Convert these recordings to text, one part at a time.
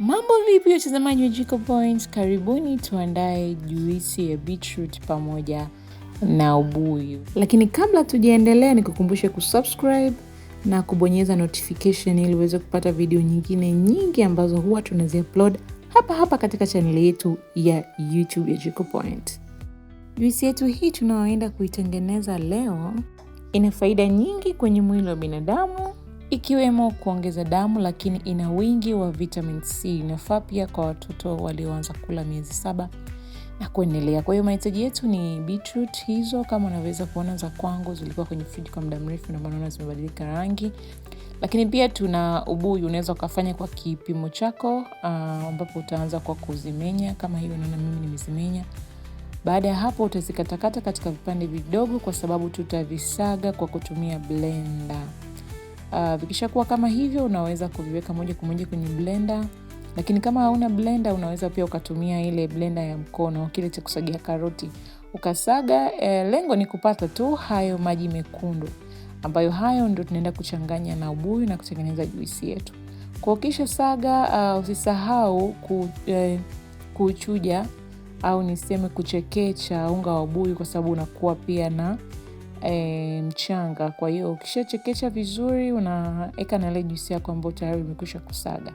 Mambo vipi watazamaji wa Jiko Point, karibuni tuandae juisi ya beetroot pamoja na ubuyu. Lakini kabla tujaendelea, nikukumbushe kusubscribe na kubonyeza notification ili uweze kupata video nyingine nyingi ambazo huwa tunaziupload hapa hapa katika chaneli yetu ya YouTube ya Jiko Point. Juisi yetu hii tunayoenda kuitengeneza leo ina faida nyingi kwenye mwili wa binadamu ikiwemo kuongeza damu, lakini ina wingi wa vitamin C. Inafaa pia kwa watoto walioanza kula miezi saba na kuendelea. Kwa hiyo mahitaji yetu ni beetroot hizo, kama unaweza kuona za kwangu zilikuwa kwenye friji kwa muda mrefu, na maana zimebadilika rangi. Lakini pia tuna ubuyu, unaweza ukafanya kwa kipimo chako, ah, ambapo uh, utaanza kwa kuzimenya kama hiyo, naona mimi nimezimenya. Baada ya hapo utazikatakata katika vipande vidogo, kwa sababu tutavisaga kwa kutumia blender. Uh, vikishakuwa kama hivyo unaweza kuviweka moja kwa moja kwenye blender, lakini kama hauna blender unaweza pia ukatumia ile blender ya mkono, kile cha kusagia karoti ukasaga. Eh, lengo ni kupata tu hayo maji mekundu ambayo hayo ndio tunaenda kuchanganya na ubuyu na kutengeneza juisi yetu. Kwa kisha saga, uh, usisahau ku, eh, kuchuja au niseme kuchekecha unga wa ubuyu kwa sababu unakuwa pia na e, mchanga. Kwa hiyo ukishachekesha vizuri, unaweka na ile juisi yako ambayo tayari imekwisha kusaga.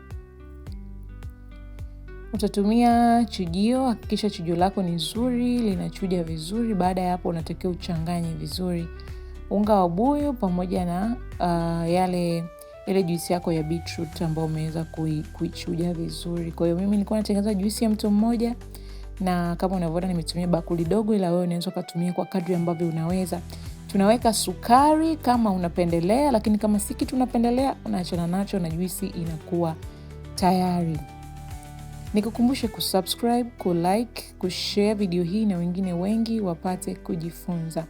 Utatumia chujio, hakikisha chujio lako ni zuri, linachuja vizuri. Baada ya hapo, unatakiwa uchanganye vizuri unga wa buyu pamoja na uh, yale ile juisi yako ya beetroot ambayo umeweza kuichuja kui vizuri. Kwa hiyo mimi nilikuwa natengeneza juisi ya mtu mmoja, na kama unavyoona nimetumia bakuli dogo, ila wewe unaweza ukatumia kwa kadri ambavyo unaweza tunaweka sukari kama unapendelea, lakini kama si kitu unapendelea unaachana nacho na juisi inakuwa tayari. Nikukumbushe kusubscribe, kulike, kushare video hii na wengine wengi wapate kujifunza.